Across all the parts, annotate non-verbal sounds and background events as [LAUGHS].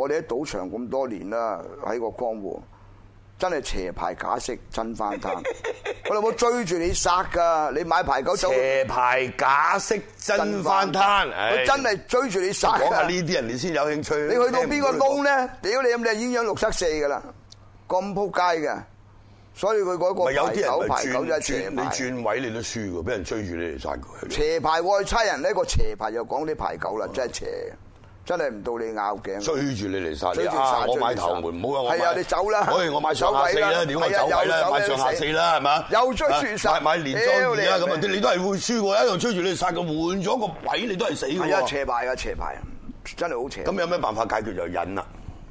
我哋喺賭場咁多年啦，喺個江湖真係邪牌假色真翻攤，我老冇追住你殺噶，你買牌九，邪牌假色真翻攤，佢真係、哎、追住你殺。講下呢啲人你先有興趣。你去到邊個窿咧？屌 [LAUGHS] 你咁，你已經贏六七四噶啦，咁扑街嘅，所以佢嗰有啲九牌九真邪牌、牌。轉你轉位你都輸噶，俾人追住你嚟殺佢。邪牌外差人呢個邪牌又講啲牌九啦，真係邪。真係唔到你拗頸，追住你嚟殺你啊！我買頭門，唔好啊！我買，係啊！你走啦，所以我買上下四啦，屌我走位啦，買上下四啦，係嘛？又追住你嚟殺，買連莊而家咁啊！你都係會輸喎，一路追住你嚟殺嘅，換咗個位你都係死嘅喎。係啊，邪牌嘅邪牌，邪牌，邪牌，真係好邪。咁有咩辦法解決，就忍啦。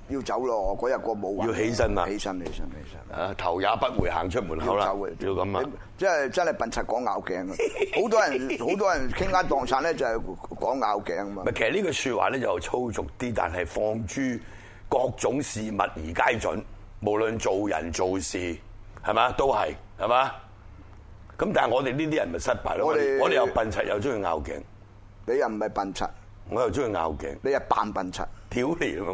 要走咯！嗰日我冇話，要起身嘛？起身，起身，起身！啊，頭也不回行出門口啦！要走嘅，要咁啊！即係真係笨柒講拗頸啊！好多人，好多人傾家蕩產咧，就係講拗頸啊嘛！ [LAUGHS] 其實呢句説話咧就粗俗啲，但係放諸各種事物而皆準，無論做人做事係嘛都係係嘛？咁但係我哋呢啲人咪失敗咯？我哋們我哋又笨柒又中意拗頸，你又唔係笨柒，我又中意拗頸，又你係扮笨柒，屌你啊！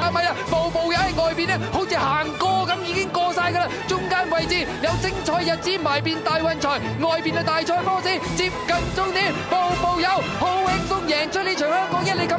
係咪啊！步步友喺外邊咧，好似行過咁已經過晒㗎啦！中間位置有精彩日子埋變大運財，外邊嘅大賽波士接近終點，步步友好輕鬆贏出呢場香港一哩錦。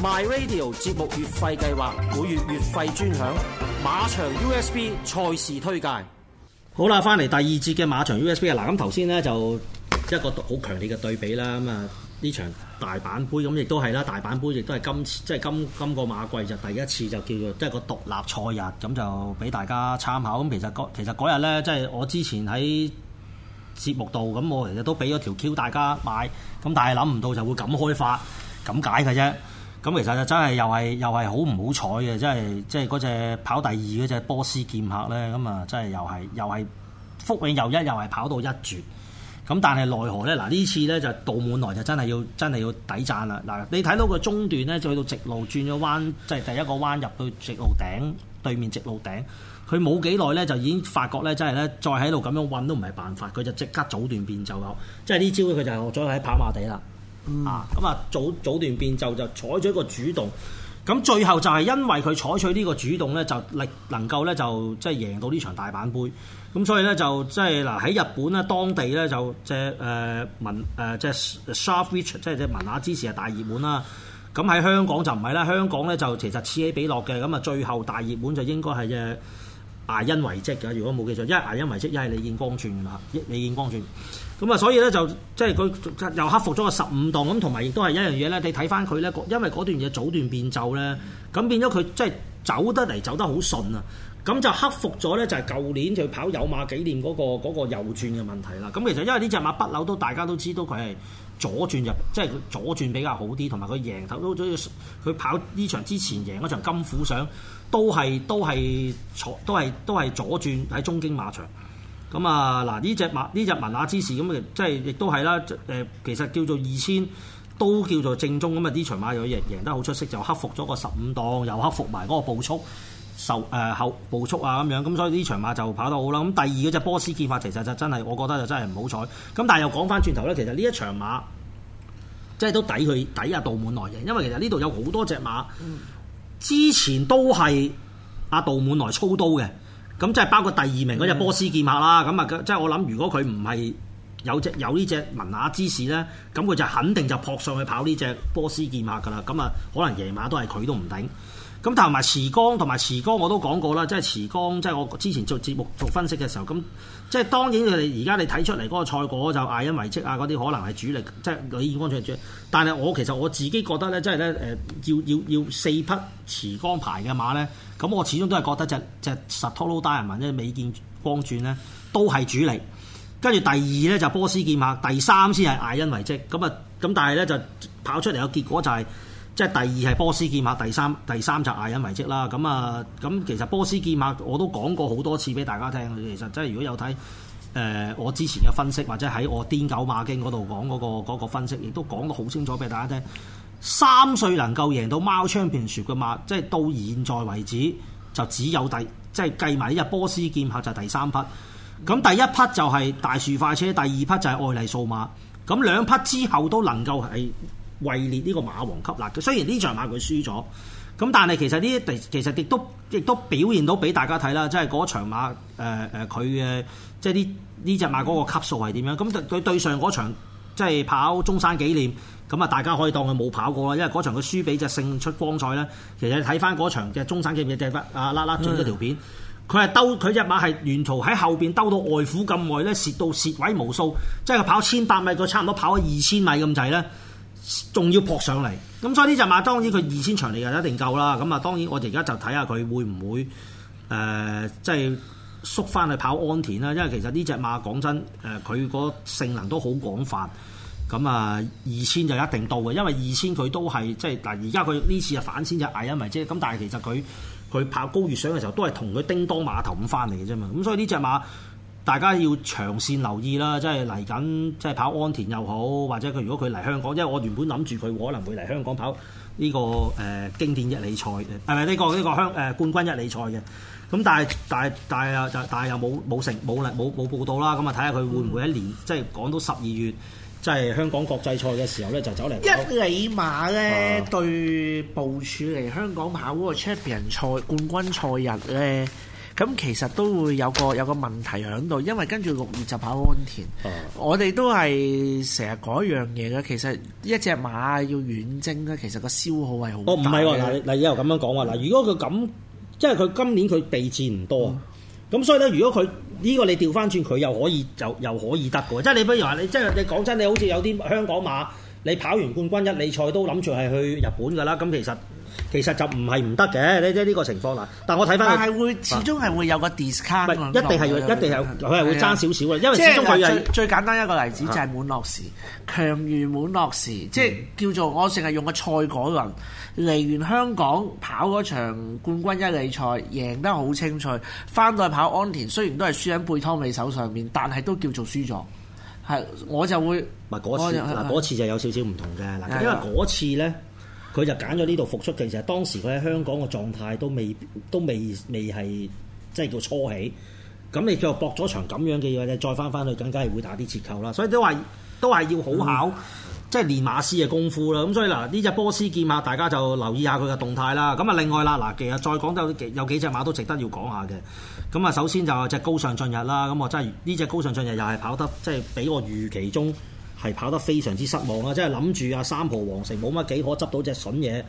My Radio 節目月費計劃，每月月費專享馬場 USB 賽事推介。好啦，翻嚟第二節嘅馬場 USB 啊。嗱，咁頭先咧就一個好強烈嘅對比啦。咁啊呢場大阪杯，咁亦都係啦。大阪杯亦都係今次，即係今今個馬季就第一次就叫做即係個獨立賽日咁，就俾大家參考。咁其實嗰其實嗰日咧，即係我之前喺節目度咁，我其實都俾咗條 Q 大家買咁，但係諗唔到就會咁開發咁解嘅啫。咁其實就真係又係又係好唔好彩嘅，真係即係嗰隻跑第二嗰隻波斯劍客呢，咁啊真係又係又係福永祐一，又係跑到一絕。咁但係奈何呢？嗱呢次呢，就杜滿萊就真係要真係要抵讚啦。嗱，你睇到個中段呢，就去到直路轉咗彎，即係第一個彎入到直路頂對面直路頂，佢冇幾耐呢，就已經發覺呢，真係呢，再喺度咁樣韞都唔係辦法，佢就即刻早段變走，即係呢招佢就學咗喺跑馬地啦。啊，咁、嗯、啊，早早段變就就採取一個主動，咁最後就係因為佢採取呢個主動咧，就力能夠咧就即係、就是、贏到呢場大阪盃，咁所以咧就即係嗱喺日本咧當地咧就隻誒、呃、文、呃就是、Richard, 即隻 Suave Richard 即係隻文雅之士係大熱門啦，咁喺香港就唔係啦，香港咧就其實此起彼落嘅，咁啊最後大熱門就應該係隻牙因為積㗎，如果冇記錯，一係牙因為積，一係李建光傳啦，李建光傳。咁啊，所以咧就即係佢又克服咗個十五檔，咁同埋亦都係一樣嘢咧。你睇翻佢咧，因為嗰段嘢早段變奏咧，咁變咗佢即係走得嚟走得好順啊。咁就克服咗咧，就係舊年就跑有馬紀念嗰個嗰個右轉嘅問題啦。咁其實因為呢隻馬不嬲都大家都知道佢係左轉入，即係佢左轉比較好啲，同埋佢贏頭都咗。佢跑呢場之前贏一場金虎賞，都係都係坐都係都係左轉喺中京馬場。咁、嗯、啊，嗱呢隻馬呢隻文雅之士咁、嗯、即係亦都係啦。誒，其實叫做二千都叫做正宗咁啊！呢、嗯、場馬又贏贏得好出色，就克服咗個十五檔，又克服埋嗰個步速受誒後、呃、步速啊咁樣。咁、嗯、所以呢場馬就跑得好啦。咁、嗯、第二嗰隻波斯劍法其實就真係，我覺得就真係唔好彩。咁、嗯、但係又講翻轉頭咧，其實呢一場馬即係都抵佢抵阿杜滿萊嘅，因為其實呢度有好多隻馬之前都係阿杜滿萊操刀嘅。咁即係包括第二名嗰隻波斯劍客啦，咁啊即係我諗，如果佢唔係有隻有呢隻文雅之士咧，咁佢就肯定就撲上去跑呢隻波斯劍客噶啦，咁啊可能夜馬都係佢都唔頂。咁同埋池光同埋池光我都講過啦，即係池光，即係我之前做節目做分析嘅時候，咁即係當然你哋而家你睇出嚟嗰個賽果就艾因維積啊，嗰啲可能係主力，即係女王獎係主力。但係我其實我自己覺得咧，即係咧誒，要要要四匹池光牌嘅馬咧，咁我始終都係覺得隻隻沙托洛達人民咧、美健光轉咧都係主力。跟住第二咧就波斯劍客，第三先係艾因維積。咁啊咁，但係咧就跑出嚟嘅結果就係、是。即係第二係波斯劍客，第三第三就矮人遺蹟啦。咁啊，咁其實波斯劍客我都講過好多次俾大家聽。其實即係如果有睇誒、呃、我之前嘅分析，或者喺我癲狗馬經嗰度講嗰、嗰個嗰個分析，亦都講得好清楚俾大家聽。三歲能夠贏到貓槍片樹嘅馬，即係到現在為止就只有第即係計埋一隻波斯劍客，就係第三匹。咁第一匹就係大樹快車，第二匹就係愛麗數碼。咁兩匹之後都能夠係。位列呢個馬王級嗱，雖然呢場馬佢輸咗，咁但係其實呢啲，其實亦都亦都表現到俾大家睇啦，即係嗰場馬誒佢嘅即係啲呢隻馬嗰個級數係點樣？咁對對上嗰場即係跑中山紀念，咁啊大家可以當佢冇跑過啦，因為嗰場佢輸俾隻勝出光賽啦。其實睇翻嗰場嘅中山紀念嘅隻阿拉拉轉咗條片，佢係兜佢隻馬係沿途喺後邊兜到外虎咁耐咧，蝕到蝕位無數，即係佢跑千百米，佢差唔多跑咗二千米咁滯啦。仲要撲上嚟，咁所以呢隻馬當然佢二千場就一定夠啦。咁啊，當然我哋而家就睇下佢會唔會誒，即、呃、係、即係、縮翻去跑安田啦。因為其實呢隻馬講真誒，佢、呃、個性能都好廣泛。咁啊，二千就一定到嘅，因為二千佢都係即係嗱，而家佢呢次啊反先矮啊咪啫。咁但係其實佢佢跑皐月賞嘅時候都係同佢叮噹馬頭咁翻嚟嘅啫嘛。咁所以呢隻馬。大家要長線留意啦，即係嚟緊，即係跑安田又好，或者佢如果佢嚟香港，因為我原本諗住佢可能會嚟香港跑呢、這個誒、呃、經典一理賽嘅，係咪呢個呢、這個香誒、呃、冠軍一哩賽嘅？咁但係但係但係又但係又冇冇成冇冇冇報到啦。咁啊睇下佢會唔會一年、嗯、即係講到十二月，即、就、係、是、香港國際賽嘅時候咧，就走嚟一哩馬咧、啊、對部署嚟香港跑個 Champion 賽冠軍賽日咧。咁其實都會有個有個問題喺度，因為跟住六月就跑安田，嗯、我哋都係成日講一樣嘢嘅。其實一隻馬要遠征咧，其實個消耗係好。哦，唔係喎，嗱，嗱，以後咁樣講話，嗱，如果佢咁，即係佢今年佢備戰唔多咁、嗯、所以咧，如果佢呢、呢個你調翻轉，佢又可以就又可以得嘅，即係你不如話你即係你講真，你好似有啲香港馬，你跑完冠軍一哩賽都諗住係去日本㗎啦，咁其實。其實就唔係唔得嘅，呢呢呢個情況啦。但我睇翻，但係會始終係會有個 discount。一定係要，一定有佢係會爭少少嘅。因為始終佢最簡單一個例子就係滿樂時，強如滿樂時，即係叫做我成日用個賽果論，嚟完香港跑嗰場冠軍一哩賽贏得好清脆，翻到去跑安田雖然都係輸喺貝湯美手上面，但係都叫做輸咗。係我就會唔係嗰次嗱，嗰次就有少少唔同嘅，因為嗰次呢。佢就揀咗呢度復出，其實當時佢喺香港嘅狀態都未都未未係即係叫初起，咁你叫駁再搏咗場咁樣嘅話咧，再翻翻去更加係會打啲折扣啦。所以都話都係要好考，即係、嗯、練馬師嘅功夫啦。咁所以嗱，呢隻波斯劍馬大家就留意下佢嘅動態啦。咁啊，另外啦，嗱，其實再講都有幾有幾隻馬都值得要講下嘅。咁啊，首先就係隻高尚進日啦。咁我真係呢隻高尚進日又係跑得即係、就是、比我預期中。係跑得非常之失望啊！即係諗住啊，三浦皇成冇乜幾可執到隻筍嘢，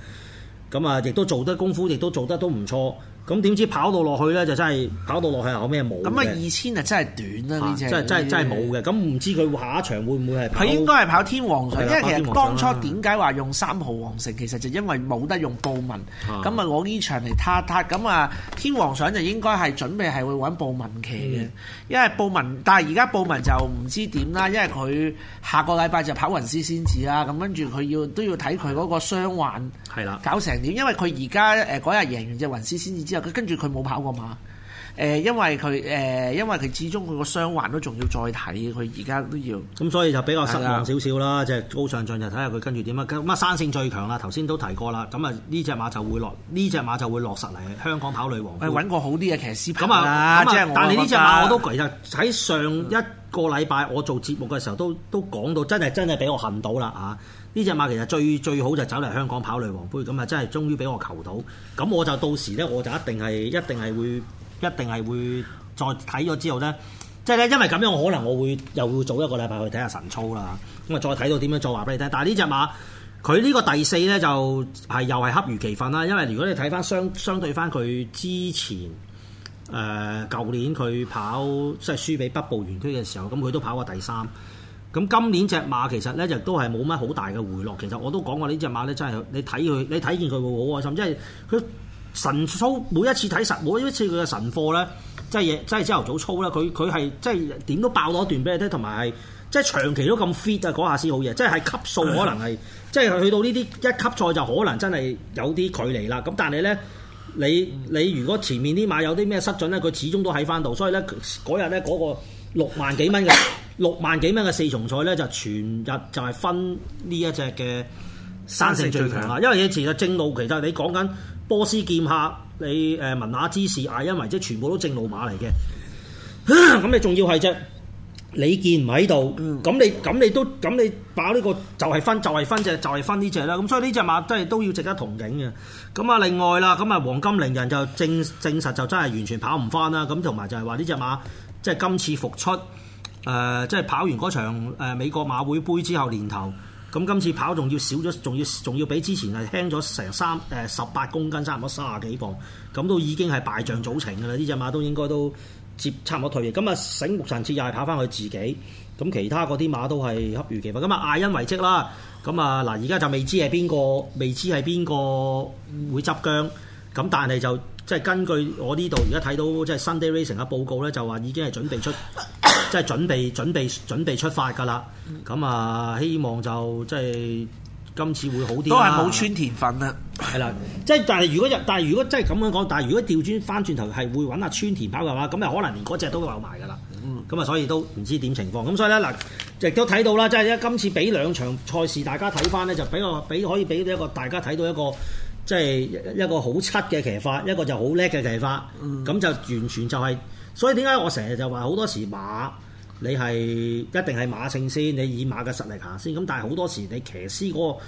咁啊，亦都做得功夫，亦都做得都唔錯。咁點知跑到落去咧就真係跑到落去有咩冇？咁啊二千啊真係短啦呢隻，真係真係真係冇嘅。咁唔知佢下一場會唔會係？佢應該係跑天皇賞，okay，因為其實當初點解話用三號皇城，啊、其實就因為冇得用布文。咁啊，我呢場嚟塌塌，咁啊天皇賞就應該係準備係會揾布文騎嘅，因為布文，但係而家布文就唔知點啦，因為佢下個禮拜就跑雲師先至啦，咁跟住佢要都要睇佢嗰個傷患係啦，搞成點？的因為佢而家誒嗰日贏完隻雲師先至。跟住佢冇跑過馬，誒、呃，因為佢誒、呃，因為佢始終佢個傷患都仲要再睇，佢而家都要。咁、嗯、所以就比較失望少少啦，即係是的 高上進就睇下佢跟住點啊！咁啊，生性最強啦，頭先都提過啦，咁啊呢隻馬就會落呢隻馬就會落實嚟香港跑女王。誒、嗯，揾個好啲嘅騎師跑啦。咁啊，但係呢隻馬我都、嗯、其實喺上一個禮拜我做節目嘅時候都都講到真係真係俾我恨到啦啊！呢隻馬其實最最好就走嚟香港跑女皇盃，咁啊真係終於俾我求到，咁我就到時呢，我就一定係一定係會一定係會再睇咗之後呢。即係咧因為咁樣我可能我會又會早一個禮拜去睇下晨操啦，咁啊再睇到點樣再話俾你聽。但係呢隻馬佢呢個第四呢，就係又係恰如其分啦，因為如果你睇翻相相對翻佢之前誒舊、呃、年佢跑即係輸俾北部玄駒嘅時候，咁佢都跑過第三。咁今年隻馬其實咧就都係冇乜好大嘅回落。其實我都講過呢隻馬咧，真係你睇佢，你睇見佢會好開心，即係佢神操每一次睇神，每一次佢嘅神貨咧，即係嘢，即係朝頭早操啦。佢佢係即係點都爆咗一段俾你聽，同埋即係長期都咁 fit 啊，嗰下先好嘢。即係級數可能係，嗯、即係去到呢啲一級賽就可能真係有啲距離啦。咁但係咧，你你如果前面啲馬有啲咩失準咧，佢始終都喺翻度。所以咧，嗰日咧嗰個六萬幾蚊嘅。 [COUGHS] 六萬幾蚊嘅四重賽咧，就全日就係分呢一隻嘅三勝最強啦。因為嘢其實正路，其實你講緊波斯劍客，你誒文雅之士，阿欣維，即係全部都正路馬嚟嘅。咁你仲要係隻？你見唔喺度，咁、嗯、你咁你都咁你把呢個就係分就係、是、分隻就係、是、分呢隻啦。咁、就是、所以呢隻馬真係都要值得同情嘅。咁啊，另外啦，咁啊黃金靈人就證證實就真係完全跑唔翻啦。咁同埋就係話呢隻馬即係、就是、今次復出。誒、呃，即係跑完嗰場、呃、美國馬會杯之後年頭，咁、嗯、今次跑仲要少咗，仲要仲要比之前係輕咗成三誒十八公斤，差唔多三十幾磅，咁都已經係敗象早成㗎啦！呢隻馬都應該都接差唔多退役，咁啊醒目神次又係跑翻去自己，咁、嗯、其他嗰啲馬都係恰如其分，咁、嗯、啊、嗯、艾因為積啦，咁啊嗱，而、嗯、家就未知係邊個，未知係邊個會執韁，咁、嗯、但係就。即係根據我呢度而家睇到，即係 Sunday Racing 嘅報告咧，就話已經係準備出，即係準備準備準備出發㗎啦。咁啊，希望就即係今次會好啲、啊。都係冇村田份啊，係啦。即係但係如果但係如果真係咁樣講，但係如果調轉翻轉頭係會揾下村田跑嘅話，咁啊可能連嗰隻都留埋㗎啦。咁啊、嗯，所以都唔知點情況。咁所以咧嗱，亦、啊、都睇到啦，即係今次比兩場賽事，大家睇翻咧就比我俾可以俾到一個大家睇到一個。即係一個好七嘅騎法，一個就好叻嘅騎法，咁、嗯、就完全就係、是。所以點解我成日就話好多時馬你，你係一定係馬勝先，你以馬嘅實力行先。咁但係好多時你騎師嗰個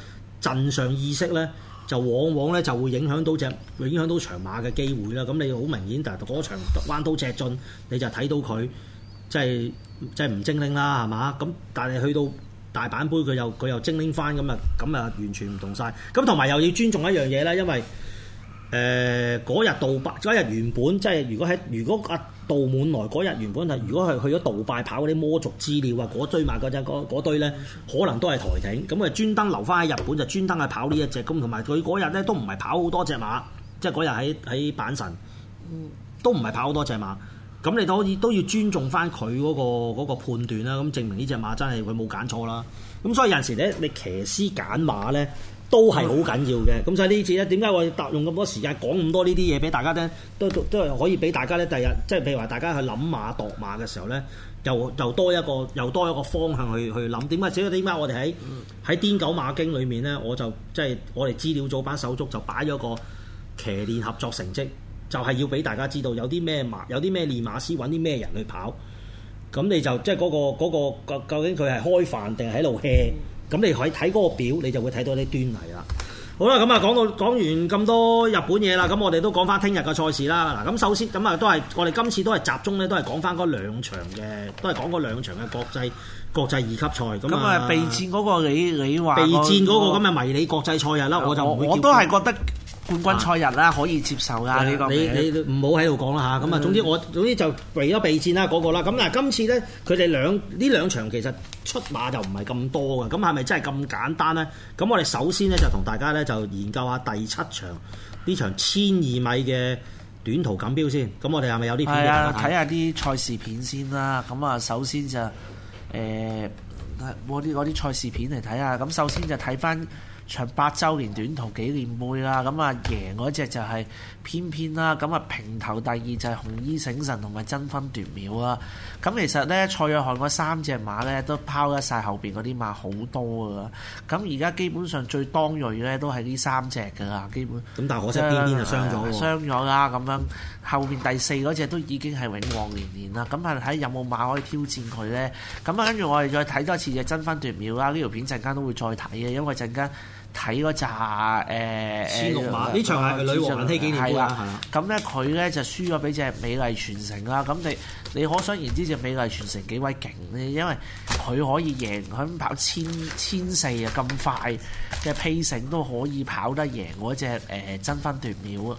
陣上意識呢，就往往呢就會影響到隻，影響到長馬嘅機會啦。咁你好明顯，但係嗰場彎道直進，你就睇到佢即係即係唔精靈啦，係嘛？咁但係去到。大阪杯佢又佢又精靈翻咁啊，咁啊完全唔同晒。咁同埋又要尊重一樣嘢啦，因為誒嗰日杜拜嗰日原本即係如果喺如果阿杜滿萊嗰日原本係如果係去咗杜拜跑嗰啲魔族資料啊，嗰堆馬嗰隻堆咧可能都係台頂，咁啊專登留翻喺日本就專登係跑呢一隻，咁同埋佢嗰日咧都唔係跑好多隻馬，即係嗰日喺喺阪神都唔係跑好多隻馬。咁你都可以都要尊重翻佢嗰個判斷啦，咁證明呢隻馬真係佢冇揀錯啦。咁所以有陣時咧，你騎師揀馬咧都係好緊要嘅。咁所以呢次咧，點解我要搭用咁多時間講咁多呢啲嘢俾大家咧？都都都係可以俾大家咧，第二日即係譬如話大家去諗馬、度馬嘅時候咧，又又多一個又多一個方向去去諗點解？點解我哋喺喺癲狗馬經裏面咧，我就即係、就是、我哋資料組班手足就擺咗個騎練合作成績。就係要俾大家知道有啲咩馬，有啲咩練馬師揾啲咩人去跑，咁你就即係嗰、嗰個、嗰個、究竟佢係開飯定係喺度吃？e a 咁你可以睇嗰個表，你就會睇到啲端倪啦。嗯、好啦，咁啊講到講完咁多日本嘢啦，咁我哋都講翻聽日嘅賽事啦。嗱，咁首先咁啊，都係我哋今次都係集中咧，都係講翻嗰兩場嘅，都係講嗰兩場嘅國際國際二級賽。咁、嗯、啊，備戰嗰個你你話，備、那個、戰嗰個咁嘅迷你國際賽日啦、嗯，我就我都係覺得。冠軍賽日啦，啊、可以接受啦的。你你唔好喺度講啦嚇！咁啊、嗯，總之我總之就為咗備戰啦嗰、嗰個啦。咁嗱，今次呢，佢哋兩呢兩場其實出馬就唔係咁多嘅。咁係咪真係咁簡單呢？咁我哋首先呢，就同大家呢，就研究下第七場呢場千二米嘅短途錦標先。咁我哋係咪有啲的？片睇下啲賽事片先啦。咁啊，首先就誒啲嗰啲賽事片嚟睇下。咁首先就睇翻。長八週年短途紀念杯啦，咁啊，贏嗰隻就係偏偏啦，咁啊，平頭第二就係紅衣醒神同埋爭分奪秒啦。咁其實呢，蔡約翰嗰三隻馬呢都拋得晒後邊嗰啲馬好多噶啦。咁而家基本上最當鋭呢都係呢三隻噶啦，基本。咁但係嗰隻翩翩就傷咗喎。傷咗啦，咁樣後面第四嗰隻都已經係永旺連連啦。咁係睇有冇馬可以挑戰佢呢。咁啊，跟住我哋再睇多次嘅爭分奪秒啦。呢條片陣間都會再睇嘅，因為陣間。睇嗰扎誒誒，千六馬呢場係女皇馬踢幾年杯啦。咁咧佢咧就輸咗俾隻美麗傳承啦。咁你你可想而知隻美麗傳承幾鬼勁咧？因為佢可以贏佢，跑千千四啊咁快嘅 pace 都可以跑得贏嗰隻誒爭分奪秒啊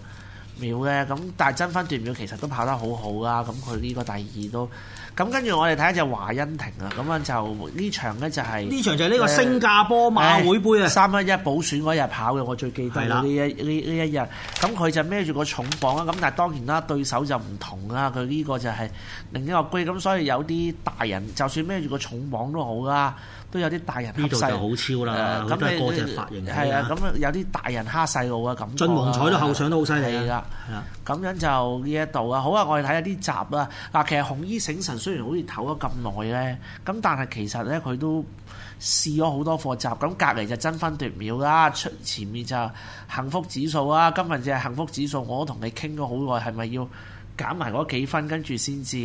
秒咧。咁但係爭分奪秒其實都跑得好好啦。咁佢呢個第二都。咁跟住我哋睇下，就華欣庭啊，咁樣就呢場呢，就係呢場就係呢個新加坡馬會杯啊，三一一補選嗰日跑嘅，我最記得呢一呢呢一日。咁佢就孭住個重磅啦，咁但係當然啦，對手就唔同啦。佢呢個就係另一個杯，咁所以有啲大人就算孭住個重磅都好啦。都有啲大人蝦細，呢度就好超啦，咁就高隻髮型嚟係、呃、啊，咁、嗯啊嗯、有啲大人蝦細路啊，咁。俊王彩都後上得好犀利啦。係啊，咁樣就呢一度啊。好啊，我哋睇下呢集啊。嗱，其實紅衣醒神雖然好似唞咗咁耐咧，咁但係其實咧佢都試咗好多課集。咁隔離就爭分奪秒啦，出前面就幸福指數啊。今日就係幸福指數，我同你傾咗好耐，係咪要減埋嗰幾分，跟住先至？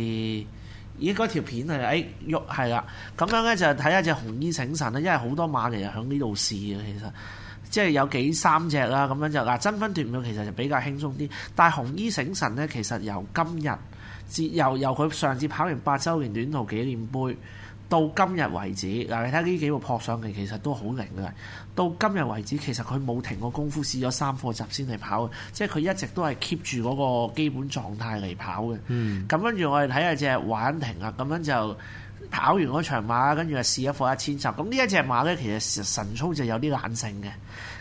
咦，嗰、哎、條片係，哎喐，係啦，咁樣咧就睇下隻紅衣醒神咧，因為好多馬其實喺呢度試嘅，其實即係有幾三隻啦，咁樣就嗱，爭分奪秒其實就比較輕鬆啲，但係紅衣醒神咧，其實由今日自由由佢上次跑完八周年短途紀念杯。到今日為止，嗱你睇下呢幾個撲上嚟，其實都好靈嘅。到今日為止，其實佢冇停過功夫，試咗三課集先嚟跑嘅，即係佢一直都係 keep 住嗰個基本狀態嚟跑嘅。嗯咁跟住我哋睇下隻玩停啊，咁樣就。跑完嗰場馬，跟住又試一課一千集，咁呢一隻馬呢，其實神操就有啲懶性嘅，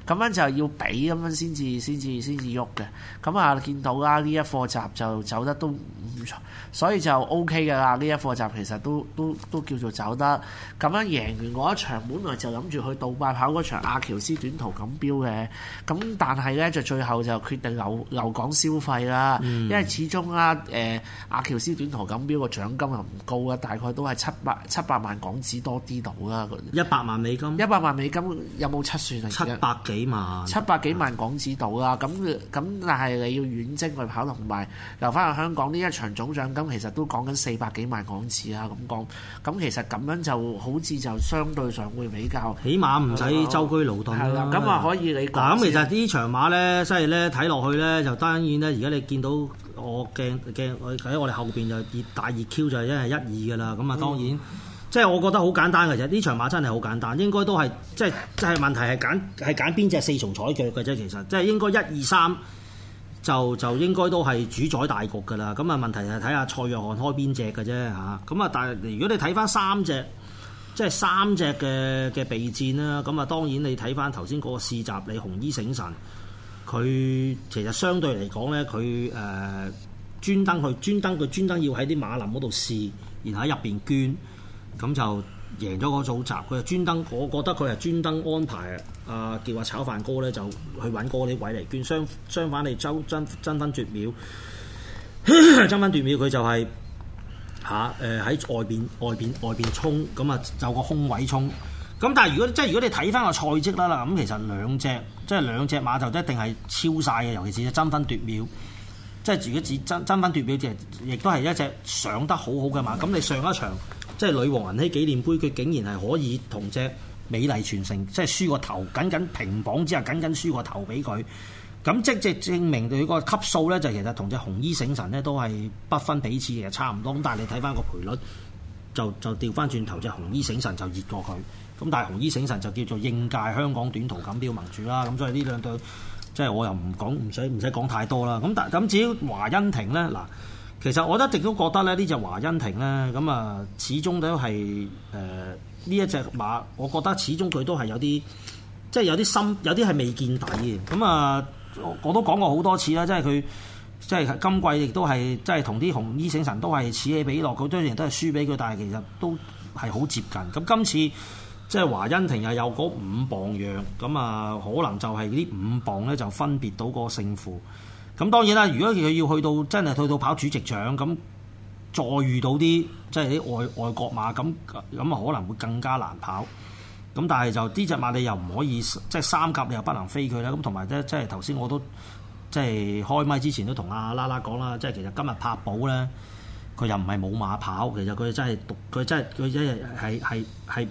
咁樣就要俾咁樣先至先至先至喐嘅。咁啊，見到啦，呢一課集就走得都唔錯，所以就 O K 㗎啦。呢一課集其實都都都叫做走得咁樣贏完嗰一場，本來就諗住去杜拜跑嗰場阿喬斯短途錦標嘅，咁但係呢，就最後就決定留留港消費啦，嗯、因為始終啦誒阿喬斯短途錦標個獎金又唔高啊，大概都係七。七百萬港紙多啲到啦，一百萬美金，一百萬美金有冇七算啊？七百幾萬，七百幾萬港紙到啦。咁咁的，但係你要遠征去跑同埋留翻去香港呢一場總獎金其實都講緊四百幾萬港紙啊。咁講，咁其實咁樣就好似就相對上會比較，起碼唔使舟車勞頓，啦，咁話可以你嗱，咁其實呢場馬呢，所係呢睇落去呢，就當然呢，而家你見到。我驚驚，喺我哋後邊就熱大熱 Q，就一係一二噶啦。咁啊，當然，嗯、即係我覺得好簡單嘅啫。呢場馬真係好簡單，應該都係即係即係問題係揀係揀邊隻四重彩腳嘅啫。其實即係應該一二三就就應該都係主宰大局噶啦。咁啊，問題係睇下蔡約翰開邊隻嘅啫嚇。咁啊，但係如果你睇翻三隻，即係三隻嘅嘅備戰啦。咁啊，當然你睇翻頭先嗰個試集，你紅衣醒神。佢其實相對嚟講呢，佢誒、呃、專登去專登，佢專登要喺啲馬林嗰度試，然後喺入邊捐，咁就贏咗嗰組集。佢係專登，我覺得佢係專登安排啊，叫啊炒飯哥呢，就去揾嗰啲位嚟捐相。相相反，你周爭爭分奪秒，爭 [LAUGHS] 分奪秒，就係，佢就係嚇誒喺外邊外邊外邊衝，咁啊就個空位衝。咁但係如果即係如果你睇翻個賽績啦啦，咁其實兩隻。即係兩隻馬就一定係超晒嘅，尤其是隻爭分奪秒。即係如果隻爭爭分奪秒，即亦都係一隻上得好好嘅馬。咁、嗯、你上一場即係女王銀禧紀念杯，佢竟然係可以同隻美麗傳承即係輸個頭，僅僅平磅之下，僅僅輸個頭俾佢。咁即係證明佢個級數呢，就其實同隻紅衣醒神呢都係不分彼此，其實差唔多。咁但係你睇翻個賠率，就就調翻轉頭，隻紅衣醒神就熱過佢。咁但係紅衣醒神就叫做應屆香港短途錦標盟主啦。咁所以呢兩對，即係我又唔講唔使唔使講太多啦。咁但咁至於華欣庭咧，嗱，其實我一直都覺得咧呢隻華欣庭咧，咁啊始終都係誒呢一隻馬，我覺得始終佢都係有啲即係有啲深，有啲係未見底嘅。咁、嗯、啊，我都講過好多次啦，即係佢即係今季亦都係即係同啲紅衣醒神都係此起彼落，佢當然都係輸俾佢，但係其實都係好接近。咁今次。即係華欣庭又有嗰五磅樣咁啊，可能就係呢五磅咧，就分別到個勝負。咁當然啦，如果佢要去到真係去到跑主席獎，咁再遇到啲即係啲外外國馬，咁咁啊可能會更加難跑。咁但係就呢隻馬你又唔可以即係三甲，你又不能飛佢啦。咁同埋即即係頭先我都即係開咪之前都同阿 LakLak 講啦，即係其實今日柏寶咧，佢又唔係冇馬跑，其實佢真係佢真係佢真係係係係。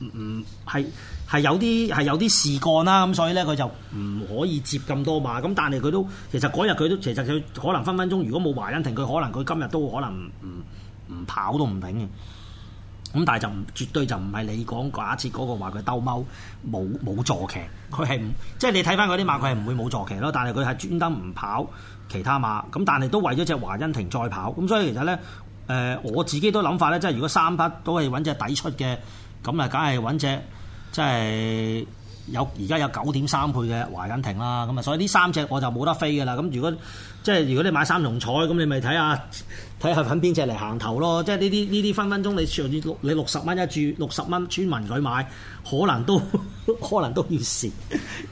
唔係係有啲係有啲事幹啦，咁所以咧佢就唔可以接咁多馬咁。但係佢都其實嗰日佢都其實佢可能分分鐘，如果冇華欣庭，佢可能佢今日都可能唔唔跑都唔定。咁但係就唔絕對就唔係你講假設嗰個話佢兜踎冇冇坐騎，佢係即係你睇翻嗰啲馬，佢係唔會冇坐騎咯。但係佢係專登唔跑其他馬咁，但係都為咗隻華欣庭再跑咁。所以其實呢，誒、呃、我自己都諗法呢，即係如果三匹都係揾隻抵出嘅。咁啊，梗係揾隻即係有而家有九點三倍嘅華銀亭啦。咁啊，所以呢三隻我就冇得飛㗎喇。咁如果即係如果你買三重彩，咁你咪睇下睇下揾邊隻嚟行頭咯。即係呢啲呢啲分分鐘你上至你六十蚊一注，六十蚊村民佢買可能都可能都要蝕。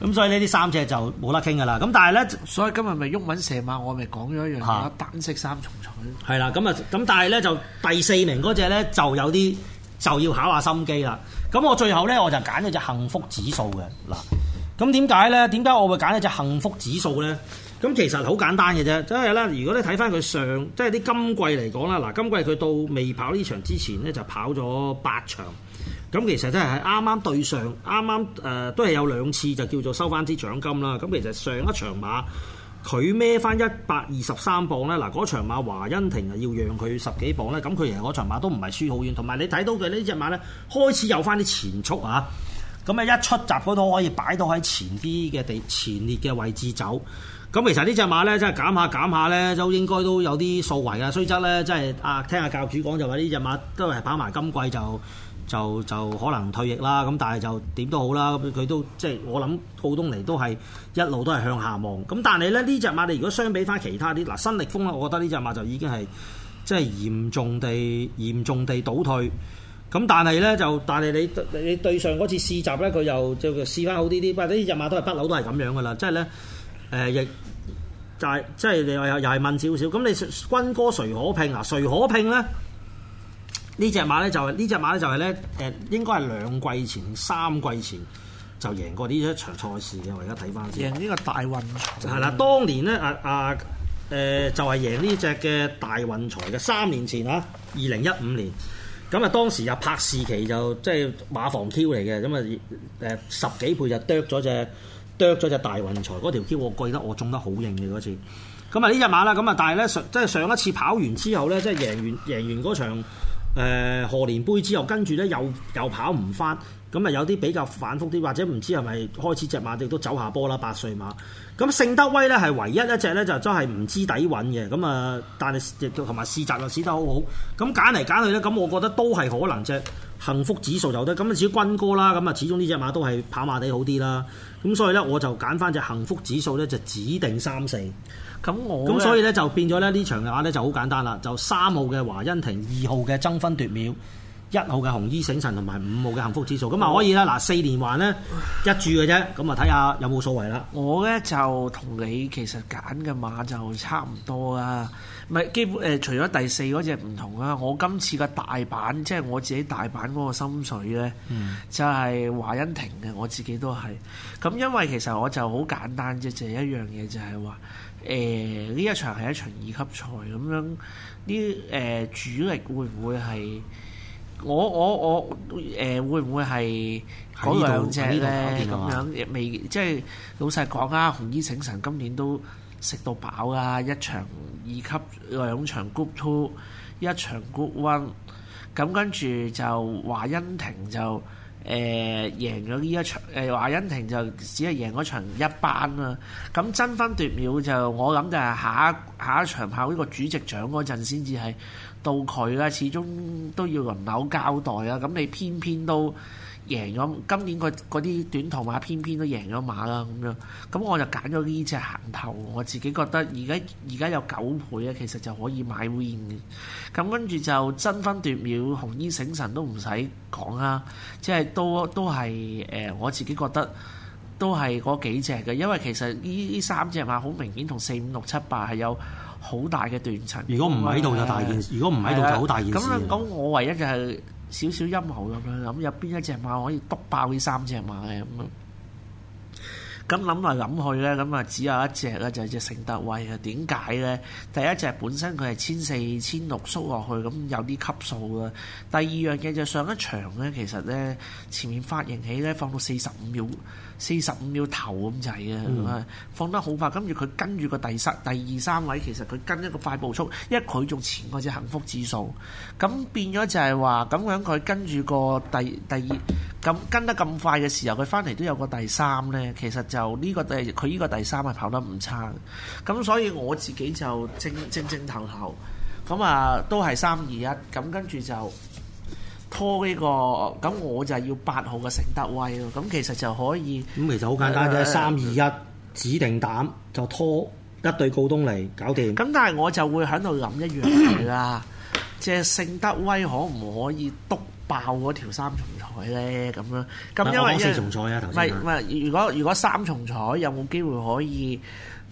咁所以呢啲三隻就冇得傾㗎喇。咁但係呢，所以今日咪鬱文射馬，我咪講咗一樣嘢，的單色三重彩。係啦，咁啊，咁但係呢，就第四名嗰隻呢，就有啲。就要考下心機啦。咁我最後呢，我就揀咗隻幸福指數嘅嗱。咁點解呢？點解我會揀呢隻幸福指數呢？咁其實好簡單嘅啫，即係咧，如果你睇翻佢上，即係啲今季嚟講啦，嗱，今季佢到未跑呢場之前呢，就跑咗八場。咁其實真係喺啱啱對上，啱啱誒都係有兩次就叫做收翻啲獎金啦。咁其實上一場馬。佢孭翻一百二十三磅呢，嗱，嗰場馬華欣庭啊要讓佢十幾磅呢。咁佢其實嗰場馬都唔係輸好遠，同埋你睇到佢呢隻馬呢，開始有翻啲前速啊，咁啊一出閘嗰度可以擺到喺前啲嘅地前列嘅位置走，咁其實呢隻馬呢，真係減下減下呢，就應該都有啲數圍啊，雖則呢，即係啊聽下教主講就話呢隻馬都係跑埋今季就。就就可能退役啦，咁但係就點都好啦，佢都即係、就是、我諗，烏東尼都係一路都係向下望，咁但係咧呢隻馬，你如果相比翻其他啲，嗱新力風啦，我覺得呢隻馬就已經係即係嚴重地嚴重地倒退，咁但係咧就但係你你對上嗰次試閘咧，佢又就試翻好啲啲，不過呢隻馬都係不嬲都係咁樣噶啦，即係咧誒亦就係即係你話又又係問少少，咁你軍哥誰可拼啊？誰可拼咧？隻，呢隻馬咧就係呢隻馬咧就係咧誒，應該係兩季前三季前就贏過呢一場賽事嘅。我而家睇翻先贏呢個大運，係啦。當年咧，阿阿誒就係、是、贏呢隻嘅大運財嘅三年前啊，二零一五年咁啊。當時柏士奇就即係馬房 Q 嚟嘅咁啊，誒十幾倍就啄咗隻啄咗隻大運財嗰條 Q 我。我記得我中得好型嘅嗰次咁啊。呢隻馬啦，咁啊，但係咧上即係上一次跑完之後咧，即係贏完贏完嗰場。誒賀年杯之後，跟住咧又又跑唔返，咁啊有啲比較反覆啲，或者唔知係咪開始隻馬亦都走下坡啦，八歲馬。咁盛德威咧係唯一一隻咧就真係唔知底蘊嘅，咁啊但係亦同埋試閘又試得好好。咁揀嚟揀去咧，咁我覺得都係可能隻幸福指數有得。咁啊，至於軍哥啦，咁啊始終呢隻馬都係跑馬地好啲啦。咁所以咧，我就揀翻隻幸福指數咧，就指定三四。咁我咁所以咧，就變咗咧呢場嘅話咧就好簡單啦，就三號嘅華欣庭，二號嘅爭分奪秒，一號嘅紅衣醒神同埋五號嘅幸福之數。咁啊、哦、可以啦，嗱，四連環咧，一注嘅啫，咁啊，睇下有冇所謂啦。我咧，就同你其實揀嘅馬就差唔多啊，唔係基本誒、呃、除咗第四嗰隻唔同啊，我今次嘅大阪即係我自己大阪嗰個心水咧，嗯、就係華欣庭。嘅我自己都係咁，因為其實我就好簡單啫，就係、是、一樣嘢就係話誒呢一場係一場二級賽咁樣呢誒、呃、主力會唔會係？我我我誒、呃、會唔會係嗰兩隻咧？咁樣亦未即係老實講啊！紅衣醒神今年都食到飽啊。一場二級兩場 Group Two，一場 Group One，咁跟住就華欣庭就誒、呃、贏咗呢一場誒、呃、華欣庭就只係贏嗰場一班啦。咁爭分奪秒就我諗就係下一下一場跑呢個主席獎嗰陣先至係。到佢啦，始終都要輪流交代啊。咁你偏偏都贏咗，今年嗰啲短途馬偏偏都贏咗馬啦。咁樣，咁我就揀咗呢隻行頭，我自己覺得而家而家有九倍啊，其實就可以買 Win 嘅。咁跟住就爭分奪秒，紅衣醒神都唔使講啦，即係都都係誒，我自己覺得都係嗰幾隻嘅。因為其實呢呢三隻馬好明顯同四五六七八係有。好大嘅斷層，如果唔喺度就大件事，如果唔喺度就好大件事。咁樣講，我唯一就係少少陰謀咁樣，諗有邊一隻馬可以篤爆呢三隻馬嘅咁啊？咁諗嚟諗去咧，咁啊只有一隻咧，就係隻盛德威嘅。點解咧？第一隻本身佢係千四千六縮落去，咁有啲級數啊。第二樣嘢就上一場咧，其實咧前面發型起咧，放到四十五秒。四十五秒頭咁滯嘅，嗯、放得好快。跟住佢跟住個第三、第二三位，其實佢跟一個快步速，因為佢仲前過隻幸福指數。咁變咗就係話，咁樣佢跟住個第第二，咁跟得咁快嘅時候，佢翻嚟都有個第三呢。其實就呢、這個、個第佢呢個第三係跑得唔差。咁所以我自己就正正正頭頭，咁啊都係三二一。咁跟住就。拖呢個，咁我就要八號嘅聖德威咯，咁其實就可以。咁其實好簡單啫，三二一，指定膽就拖一對高東嚟搞掂。咁但係我就會喺度諗一樣嘢啦，即係聖德威可唔可以督爆嗰條三重彩呢？咁樣咁因為，因為我四重彩啊，頭先唔係如果如果三重彩有冇機會可以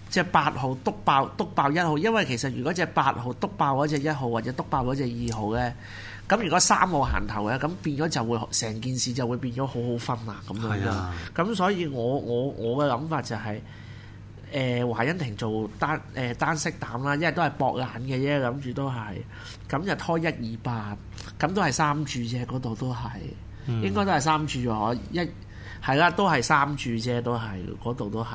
即係八號督爆督爆一號？因為其實如果隻八號督爆嗰隻一號，或者督爆嗰隻二號呢？咁如果三個行頭咧，咁變咗就會成件事就會變咗好好分啦，咁樣咁是、啊、所以我我我嘅諗法就係、是，誒、呃、華欣庭做單誒、呃、單色膽啦，因為都係博眼嘅啫，諗住都係。咁就拖一二八，咁都係三注啫，嗰度都係，嗯、應該都係三注咗一。係啦，都係三注啫，都係嗰度都係。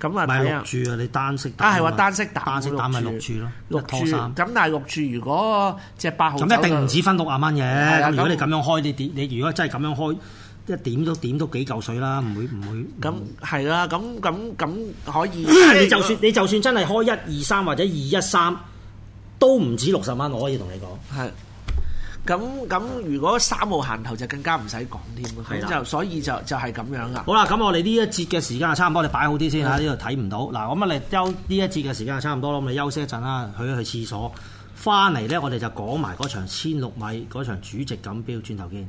咁啊，買六注啊，你單式打。係喎，單式打。單式打咪六注咯，六注。六注。一拖三。咁但係六注如果即係八號，咁一定唔止分六十蚊嘅。咁、嗯、如果你咁樣開，你點？你如果真係咁樣開，一、嗯、點,點都點都幾嚿水啦，唔會唔會。咁係啦，咁咁咁可以你。你就算你就算真係開一二三或者二一三，都唔止六十蚊，我可以同你講。係。咁咁，如果三號行頭就更加唔使講添咯。咁的就所以就就係、是、咁樣噶。好啦，咁我哋呢一節嘅時間就差唔多，我哋擺好啲先嚇，呢度睇唔到。嗱，咁啊，你休呢一節嘅時間就差唔多咯，咁你休息一陣啦，去一去廁所。翻嚟咧，我哋就講埋嗰場千六米嗰場主席錦標，轉頭見。